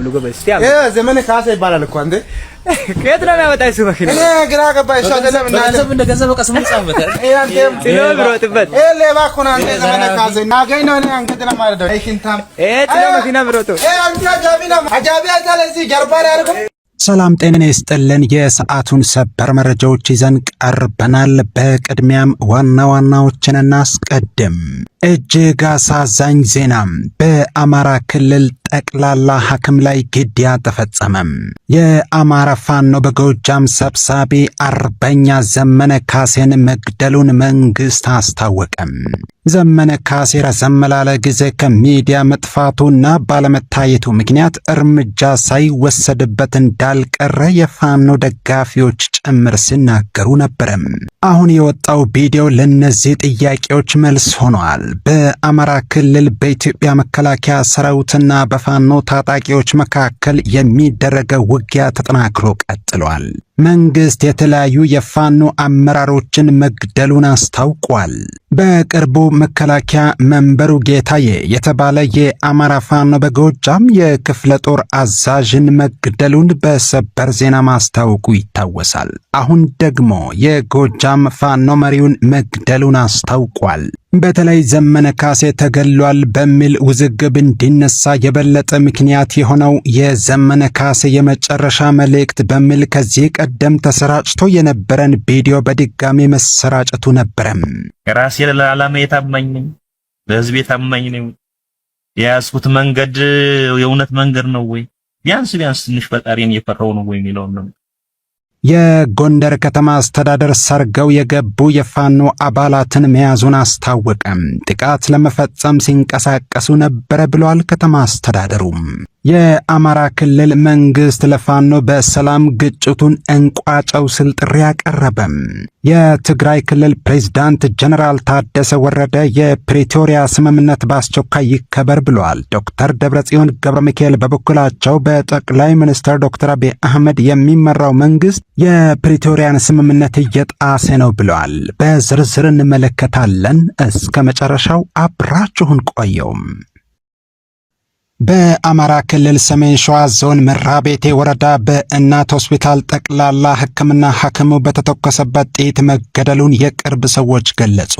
ሙሉ በስቲ አለ አሁን ዘመነ ካሳ ይባላል እኮ አንዴ። ከየት ነው የሚያመጣ እሱ መኪና? እኔ ግራ ገባኝ። እሺ አይደለም እና ምን እንደ ገንዘብ በቃ ስሙ ጻፈበት። ይሄ አንተም ጥሎ ብሮጥበት። ይሄ ሌባ እኮ ነው አንተ ዘመነ ካሳ ናገኝ ነው። እኔ አንገት ነው ማለት ነው። ይሄ ሽንታም ይሄ ጥሎ መኪና ብሮጡ። ይሄ አንተ አጃቢ ነው አጃቢ አታለዚህ ጀርባ ላይ አድርጎ ሰላም ጤና ይስጥልን። የሰዓቱን ሰበር መረጃዎች ይዘን ቀርበናል። በቅድሚያም ዋና ዋናዎችን እናስቀድም። እጅግ አሳዛኝ ዜና በአማራ ክልል ጠቅላላ ሐኪም ላይ ግድያ ተፈጸመም። የአማራ ፋኖ በጎጃም ሰብሳቢ አርበኛ ዘመነ ካሴን መግደሉን መንግስት አስታወቀም። ዘመነ ካሴ ረዘም ላለ ጊዜ ከሚዲያ መጥፋቱና ባለመታየቱ ምክንያት እርምጃ ሳይወሰድበት እንዳልቀረ የፋኖ ደጋፊዎች ጭምር ሲናገሩ ነበረም። አሁን የወጣው ቪዲዮ ለእነዚህ ጥያቄዎች መልስ ሆኗል። በአማራ ክልል በኢትዮጵያ መከላከያ ሰራዊትና በፋኖ ታጣቂዎች መካከል የሚደረገው ውጊያ ተጠናክሮ ቀጥሏል። መንግስት የተለያዩ የፋኖ አመራሮችን መግደሉን አስታውቋል። በቅርቡ መከላከያ መንበሩ ጌታዬ የተባለ የአማራ ፋኖ በጎጃም የክፍለ ጦር አዛዥን መግደሉን በሰበር ዜና ማስታወቁ ይታወሳል። አሁን ደግሞ የጎጃም ፋኖ መሪውን መግደሉን አስታውቋል። በተለይ ዘመነ ካሴ ተገሏል በሚል ውዝግብ እንዲነሳ የበለጠ ምክንያት የሆነው የዘመነ ካሴ የመጨረሻ መልእክት በሚል ከዚህ ቀደም ተሰራጭቶ የነበረን ቪዲዮ በድጋሚ መሰራጨቱ ነበረም። ራሴ ለዓላማ የታማኝ ነኝ፣ ለህዝብ የታመኝ ነኝ። የያዝኩት መንገድ የእውነት መንገድ ነው ወይ ቢያንስ ቢያንስ ትንሽ ፈጣሪን እየፈራው ነው ወይ የሚለውን ነው። የጎንደር ከተማ አስተዳደር ሰርገው የገቡ የፋኖ አባላትን መያዙን አስታወቀም። ጥቃት ለመፈጸም ሲንቀሳቀሱ ነበረ ብሏል ከተማ አስተዳደሩም። የአማራ ክልል መንግስት ለፋኖ በሰላም ግጭቱን እንቋጨው ስል ጥሪ አቀረበም። የትግራይ ክልል ፕሬዝዳንት ጀነራል ታደሰ ወረደ የፕሪቶሪያ ስምምነት በአስቸኳይ ይከበር ብለዋል። ዶክተር ደብረጽዮን ገብረ ሚካኤል በበኩላቸው በጠቅላይ ሚኒስትር ዶክተር አብይ አህመድ የሚመራው መንግስት የፕሪቶሪያን ስምምነት እየጣሰ ነው ብለዋል። በዝርዝር እንመለከታለን። እስከ መጨረሻው አብራችሁን ቆየውም በአማራ ክልል ሰሜን ሸዋ ዞን መራቤቴ ወረዳ በእናት ሆስፒታል ጠቅላላ ሕክምና ሐኪሙ በተተኮሰበት ጥይት መገደሉን የቅርብ ሰዎች ገለጹ።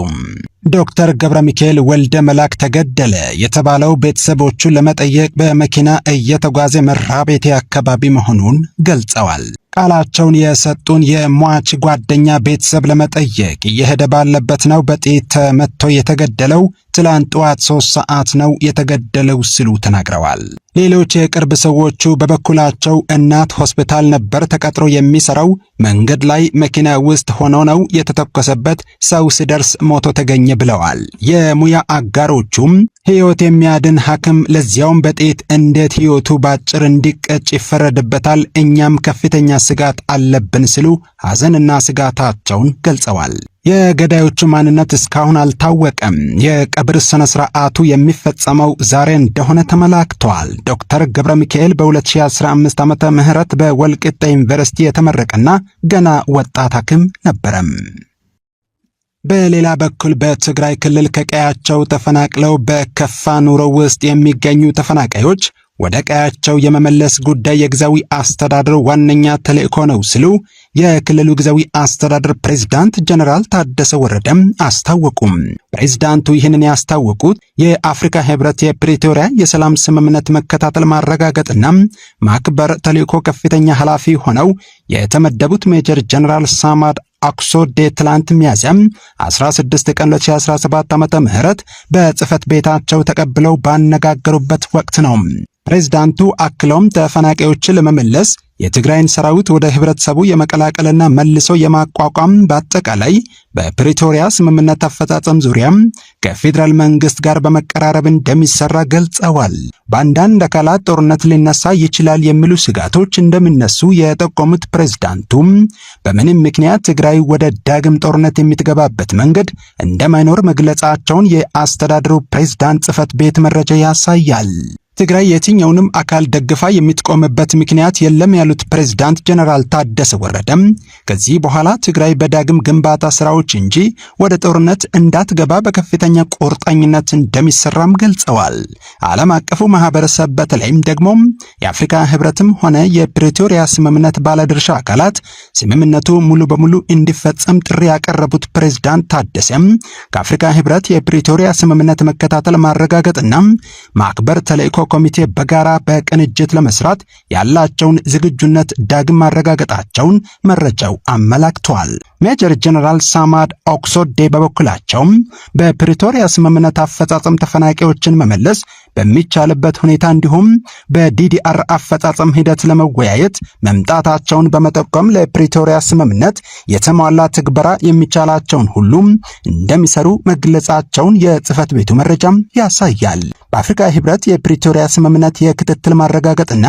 ዶክተር ገብረ ሚካኤል ወልደ መላክ ተገደለ የተባለው ቤተሰቦቹ ለመጠየቅ በመኪና እየተጓዘ መራቤቴ አካባቢ መሆኑን ገልጸዋል። ቃላቸውን የሰጡን የሟች ጓደኛ ቤተሰብ ለመጠየቅ እየሄደ ባለበት ነው በጤት ተመትቶ የተገደለው። ትላንት ጠዋት ሶስት ሰዓት ነው የተገደለው ሲሉ ተናግረዋል። ሌሎች የቅርብ ሰዎቹ በበኩላቸው እናት ሆስፒታል ነበር ተቀጥሮ የሚሰራው፣ መንገድ ላይ መኪና ውስጥ ሆኖ ነው የተተኮሰበት፣ ሰው ሲደርስ ሞቶ ተገኘ ብለዋል። የሙያ አጋሮቹም ሕይወት የሚያድን ሐኪም ለዚያውም በጤት እንዴት ሕይወቱ በአጭር እንዲቀጭ ይፈረድበታል? እኛም ከፍተኛ ስጋት አለብን ሲሉ ሐዘንና ስጋታቸውን ገልጸዋል። የገዳዮቹ ማንነት እስካሁን አልታወቀም። የቀብር ሥነ ሥርዓቱ የሚፈጸመው ዛሬ እንደሆነ ተመላክተዋል። ዶክተር ገብረ ሚካኤል በ2015 ዓመተ ምህረት በወልቂጤ ዩኒቨርሲቲ የተመረቀና ገና ወጣት ሐኪም ነበረም። በሌላ በኩል በትግራይ ክልል ከቀያቸው ተፈናቅለው በከፋ ኑሮ ውስጥ የሚገኙ ተፈናቃዮች ወደ ቀያቸው የመመለስ ጉዳይ የጊዜያዊ አስተዳደር ዋነኛ ተልእኮ ነው ሲሉ የክልሉ ጊዜያዊ አስተዳደር ፕሬዝዳንት ጀነራል ታደሰ ወረደም አስታወቁም። ፕሬዝዳንቱ ይህንን ያስታወቁት የአፍሪካ ህብረት የፕሪቶሪያ የሰላም ስምምነት መከታተል ማረጋገጥና ማክበር ተልእኮ ከፍተኛ ኃላፊ ሆነው የተመደቡት ሜጀር ጀነራል ሳማድ አክሶዴ ትላንት ሚያዝያም 16 ቀን 2017 ዓ.ም በጽህፈት ቤታቸው ተቀብለው ባነጋገሩበት ወቅት ነው። ፕሬዝዳንቱ አክለውም ተፈናቃዮችን ለመመለስ የትግራይን ሰራዊት ወደ ህብረተሰቡ የመቀላቀልና መልሶ የማቋቋም በአጠቃላይ በፕሪቶሪያ ስምምነት አፈጻጸም ዙሪያም ከፌዴራል መንግስት ጋር በመቀራረብ እንደሚሰራ ገልጸዋል። በአንዳንድ አካላት ጦርነት ሊነሳ ይችላል የሚሉ ስጋቶች እንደሚነሱ የጠቆሙት ፕሬዝዳንቱም በምንም ምክንያት ትግራይ ወደ ዳግም ጦርነት የምትገባበት መንገድ እንደማይኖር መግለጻቸውን የአስተዳደሩ ፕሬዝዳንት ጽህፈት ቤት መረጃ ያሳያል። ትግራይ የትኛውንም አካል ደግፋ የምትቆምበት ምክንያት የለም ያሉት ፕሬዝዳንት ጀነራል ታደሰ ወረደም ከዚህ በኋላ ትግራይ በዳግም ግንባታ ስራዎች እንጂ ወደ ጦርነት እንዳትገባ በከፍተኛ ቁርጠኝነት እንደሚሰራም ገልጸዋል። ዓለም አቀፉ ማህበረሰብ በተለይም ደግሞ የአፍሪካ ህብረትም ሆነ የፕሪቶሪያ ስምምነት ባለድርሻ አካላት ስምምነቱ ሙሉ በሙሉ እንዲፈጸም ጥሪ ያቀረቡት ፕሬዝዳንት ታደሰም ከአፍሪካ ህብረት የፕሪቶሪያ ስምምነት መከታተል ማረጋገጥና ማክበር ተልእኮ ኮሚቴ በጋራ በቅንጅት ለመስራት ያላቸውን ዝግጁነት ዳግም ማረጋገጣቸውን መረጃው አመላክቷል። ሜጀር ጀነራል ሳማድ ኦክሶዴ በበኩላቸውም በፕሪቶሪያ ስምምነት አፈጻጸም ተፈናቃዮችን መመለስ በሚቻልበት ሁኔታ እንዲሁም በዲዲአር አፈጻጸም ሂደት ለመወያየት መምጣታቸውን በመጠቆም ለፕሪቶሪያ ስምምነት የተሟላ ትግበራ የሚቻላቸውን ሁሉም እንደሚሰሩ መግለጻቸውን የጽህፈት ቤቱ መረጃም ያሳያል። በአፍሪካ ህብረት የፕሪቶሪያ ስምምነት የክትትል ማረጋገጥና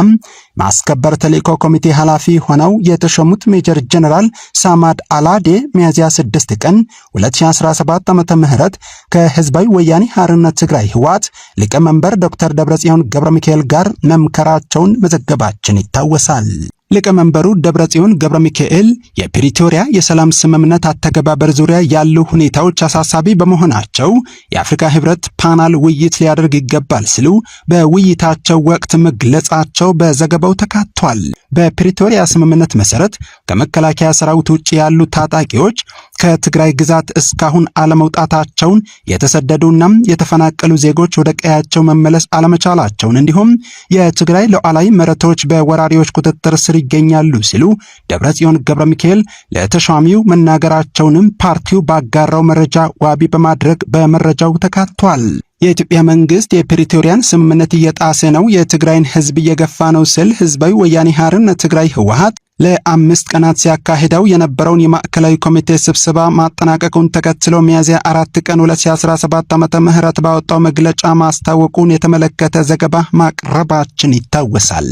ማስከበር ተልእኮ ኮሚቴ ኃላፊ ሆነው የተሾሙት ሜጀር ጀነራል ሳማድ አላዴ ሚያዝያ 6 ቀን 2017 ዓመተ ምህረት ከህዝባዊ ወያኔ ሐርነት ትግራይ ህወሓት ሊቀመንበር ዶክተር ደብረጽዮን ገብረ ሚካኤል ጋር መምከራቸውን መዘገባችን ይታወሳል። ሊቀመንበሩ ደብረጽዮን ገብረ ሚካኤል የፕሪቶሪያ የሰላም ስምምነት አተገባበር ዙሪያ ያሉ ሁኔታዎች አሳሳቢ በመሆናቸው የአፍሪካ ህብረት ፓናል ውይይት ሊያደርግ ይገባል ሲሉ በውይይታቸው ወቅት መግለጻቸው በዘገባው ተካቷል። በፕሪቶሪያ ስምምነት መሰረት ከመከላከያ ሰራዊት ውጭ ያሉ ታጣቂዎች ከትግራይ ግዛት እስካሁን አለመውጣታቸውን፣ የተሰደዱና የተፈናቀሉ ዜጎች ወደ ቀያቸው መመለስ አለመቻላቸውን እንዲሁም የትግራይ ሉዓላዊ መሬቶች በወራሪዎች ቁጥጥር ስር ይገኛሉ ሲሉ ደብረጽዮን ገብረ ሚካኤል ለተሿሚው መናገራቸውንም ፓርቲው ባጋራው መረጃ ዋቢ በማድረግ በመረጃው ተካቷል። የኢትዮጵያ መንግስት የፕሪቶሪያን ስምምነት እየጣሰ ነው፣ የትግራይን ህዝብ እየገፋ ነው ስል ህዝባዊ ወያኔ ሓርነት ትግራይ ህወሓት ለአምስት ቀናት ሲያካሂደው የነበረውን የማዕከላዊ ኮሚቴ ስብሰባ ማጠናቀቁን ተከትሎ ሚያዝያ አራት ቀን 2017 ዓመተ ምህረት ባወጣው መግለጫ ማስታወቁን የተመለከተ ዘገባ ማቅረባችን ይታወሳል።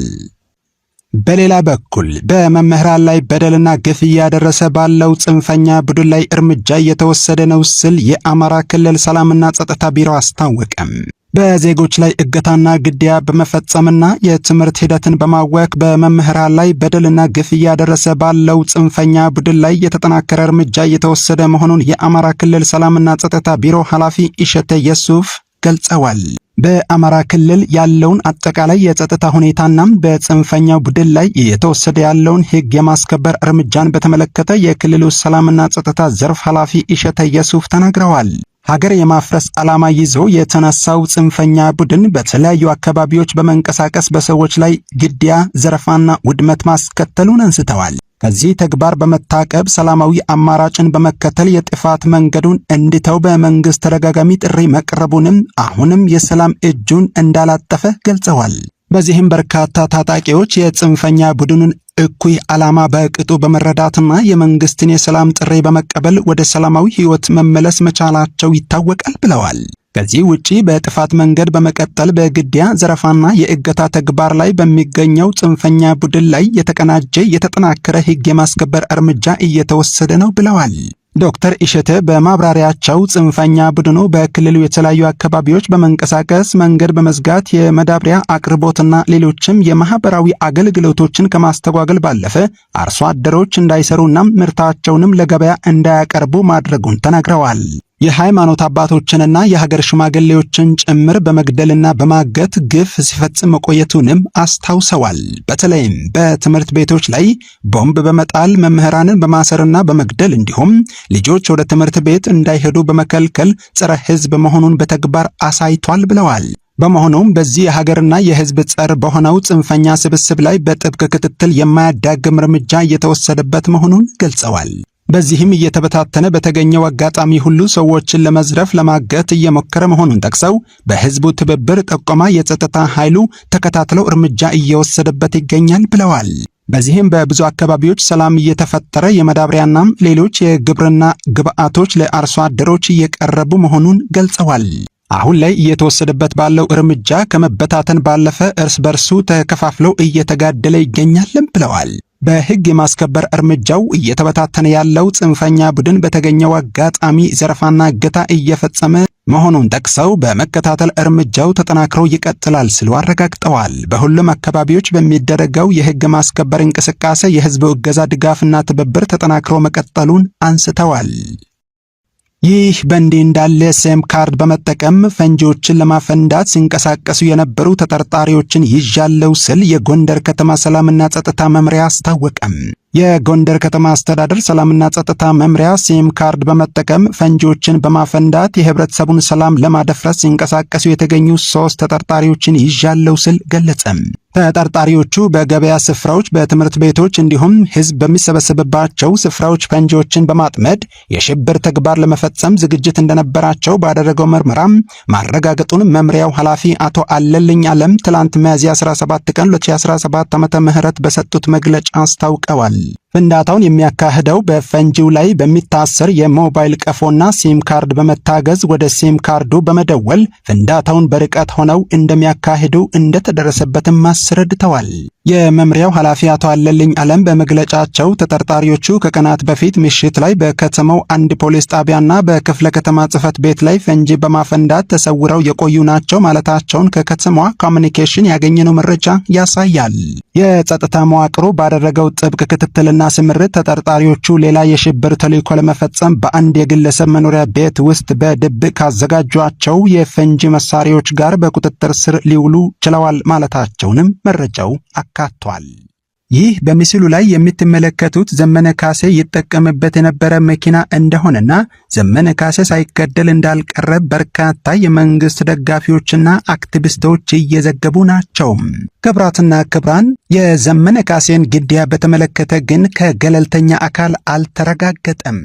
በሌላ በኩል በመምህራን ላይ በደልና ግፍ እያደረሰ ባለው ጽንፈኛ ቡድን ላይ እርምጃ እየተወሰደ ነው ሲል የአማራ ክልል ሰላምና ጸጥታ ቢሮ አስታወቀም። በዜጎች ላይ እገታና ግድያ በመፈጸምና የትምህርት ሂደትን በማወክ በመምህራን ላይ በደልና ግፍ እያደረሰ ባለው ጽንፈኛ ቡድን ላይ የተጠናከረ እርምጃ እየተወሰደ መሆኑን የአማራ ክልል ሰላምና ጸጥታ ቢሮ ኃላፊ ኢሸቴ የሱፍ ገልጸዋል። በአማራ ክልል ያለውን አጠቃላይ የጸጥታ ሁኔታና በጽንፈኛው ቡድን ላይ የተወሰደ ያለውን ሕግ የማስከበር እርምጃን በተመለከተ የክልሉ ሰላምና ጸጥታ ዘርፍ ኃላፊ ኢሸተ የሱፍ ተናግረዋል። ሀገር የማፍረስ ዓላማ ይዞ የተነሳው ጽንፈኛ ቡድን በተለያዩ አካባቢዎች በመንቀሳቀስ በሰዎች ላይ ግድያ፣ ዘረፋና ውድመት ማስከተሉን አንስተዋል። ከዚህ ተግባር በመታቀብ ሰላማዊ አማራጭን በመከተል የጥፋት መንገዱን እንዲተው በመንግስት ተደጋጋሚ ጥሪ መቅረቡንም አሁንም የሰላም እጁን እንዳላጠፈ ገልጸዋል። በዚህም በርካታ ታጣቂዎች የጽንፈኛ ቡድኑን እኩይ ዓላማ በቅጡ በመረዳትና የመንግስትን የሰላም ጥሪ በመቀበል ወደ ሰላማዊ ህይወት መመለስ መቻላቸው ይታወቃል ብለዋል። ከዚህ ውጪ በጥፋት መንገድ በመቀጠል በግድያ ዘረፋና የእገታ ተግባር ላይ በሚገኘው ጽንፈኛ ቡድን ላይ የተቀናጀ የተጠናከረ ህግ የማስከበር እርምጃ እየተወሰደ ነው ብለዋል። ዶክተር ኢሸተ በማብራሪያቸው ጽንፈኛ ቡድኑ በክልሉ የተለያዩ አካባቢዎች በመንቀሳቀስ መንገድ በመዝጋት የመዳብሪያ አቅርቦትና ሌሎችም የማህበራዊ አገልግሎቶችን ከማስተጓገል ባለፈ አርሶ አደሮች እንዳይሰሩና ምርታቸውንም ለገበያ እንዳያቀርቡ ማድረጉን ተናግረዋል። የሃይማኖት አባቶችንና የሀገር ሽማግሌዎችን ጭምር በመግደልና በማገት ግፍ ሲፈጽም መቆየቱንም አስታውሰዋል። በተለይም በትምህርት ቤቶች ላይ ቦምብ በመጣል መምህራንን በማሰርና በመግደል እንዲሁም ልጆች ወደ ትምህርት ቤት እንዳይሄዱ በመከልከል ጸረ ሕዝብ መሆኑን በተግባር አሳይቷል ብለዋል። በመሆኑም በዚህ የሀገርና የህዝብ ጸር በሆነው ጽንፈኛ ስብስብ ላይ በጥብቅ ክትትል የማያዳግም እርምጃ እየተወሰደበት መሆኑን ገልጸዋል። በዚህም እየተበታተነ በተገኘው አጋጣሚ ሁሉ ሰዎችን ለመዝረፍ ለማገት እየሞከረ መሆኑን ጠቅሰው በህዝቡ ትብብር ጠቆማ የጸጥታ ኃይሉ ተከታትለው እርምጃ እየወሰደበት ይገኛል ብለዋል። በዚህም በብዙ አካባቢዎች ሰላም እየተፈጠረ የመዳብሪያና ሌሎች የግብርና ግብዓቶች ለአርሶ አደሮች እየቀረቡ መሆኑን ገልጸዋል። አሁን ላይ እየተወሰደበት ባለው እርምጃ ከመበታተን ባለፈ እርስ በርሱ ተከፋፍለው እየተጋደለ ይገኛልም ብለዋል። በህግ የማስከበር እርምጃው እየተበታተነ ያለው ጽንፈኛ ቡድን በተገኘው አጋጣሚ ዘረፋና እገታ እየፈጸመ መሆኑን ጠቅሰው በመከታተል እርምጃው ተጠናክሮ ይቀጥላል ሲሉ አረጋግጠዋል። በሁሉም አካባቢዎች በሚደረገው የህግ ማስከበር እንቅስቃሴ የህዝብ እገዛ ድጋፍና ትብብር ተጠናክሮ መቀጠሉን አንስተዋል። ይህ በእንዲህ እንዳለ ሴም ካርድ በመጠቀም ፈንጂዎችን ለማፈንዳት ሲንቀሳቀሱ የነበሩ ተጠርጣሪዎችን ይዣለው ስል የጎንደር ከተማ ሰላምና ጸጥታ መምሪያ አስታወቀም። የጎንደር ከተማ አስተዳደር ሰላምና ጸጥታ መምሪያ ሲም ካርድ በመጠቀም ፈንጂዎችን በማፈንዳት የህብረተሰቡን ሰላም ለማደፍረስ ሲንቀሳቀሱ የተገኙ ሶስት ተጠርጣሪዎችን ይዣለው ስል ገለጸም። ተጠርጣሪዎቹ በገበያ ስፍራዎች፣ በትምህርት ቤቶች እንዲሁም ህዝብ በሚሰበሰብባቸው ስፍራዎች ፈንጂዎችን በማጥመድ የሽብር ተግባር ለመፈጸም ዝግጅት እንደነበራቸው ባደረገው ምርመራም ማረጋገጡን መምሪያው ኃላፊ አቶ አለልኝ አለም ትላንት ሚያዝያ 17 ቀን 2017 ም በሰጡት መግለጫ አስታውቀዋል። 意义。ፍንዳታውን የሚያካሂደው በፈንጂው ላይ በሚታሰር የሞባይል ቀፎና ሲም ካርድ በመታገዝ ወደ ሲም ካርዱ በመደወል ፍንዳታውን በርቀት ሆነው እንደሚያካሂዱ እንደተደረሰበትም አስረድተዋል። የመምሪያው ኃላፊ አቶ አለልኝ አለም በመግለጫቸው ተጠርጣሪዎቹ ከቀናት በፊት ምሽት ላይ በከተማው አንድ ፖሊስ ጣቢያና በክፍለ ከተማ ጽህፈት ቤት ላይ ፈንጂ በማፈንዳት ተሰውረው የቆዩ ናቸው ማለታቸውን ከከተማዋ ኮሚኒኬሽን ያገኘነው መረጃ ያሳያል። የጸጥታ መዋቅሩ ባደረገው ጥብቅ ክትትልና ዋና ስምርት ተጠርጣሪዎቹ ሌላ የሽብር ተልዕኮ ለመፈጸም በአንድ የግለሰብ መኖሪያ ቤት ውስጥ በድብቅ ካዘጋጇቸው የፈንጂ መሳሪያዎች ጋር በቁጥጥር ስር ሊውሉ ችለዋል ማለታቸውንም መረጃው አካቷል። ይህ በምስሉ ላይ የምትመለከቱት ዘመነ ካሴ ይጠቀምበት የነበረ መኪና እንደሆነና ዘመነ ካሴ ሳይገደል እንዳልቀረ በርካታ የመንግስት ደጋፊዎችና አክቲቪስቶች እየዘገቡ ናቸው። ክብራትና ክብራን የዘመነ ካሴን ግድያ በተመለከተ ግን ከገለልተኛ አካል አልተረጋገጠም።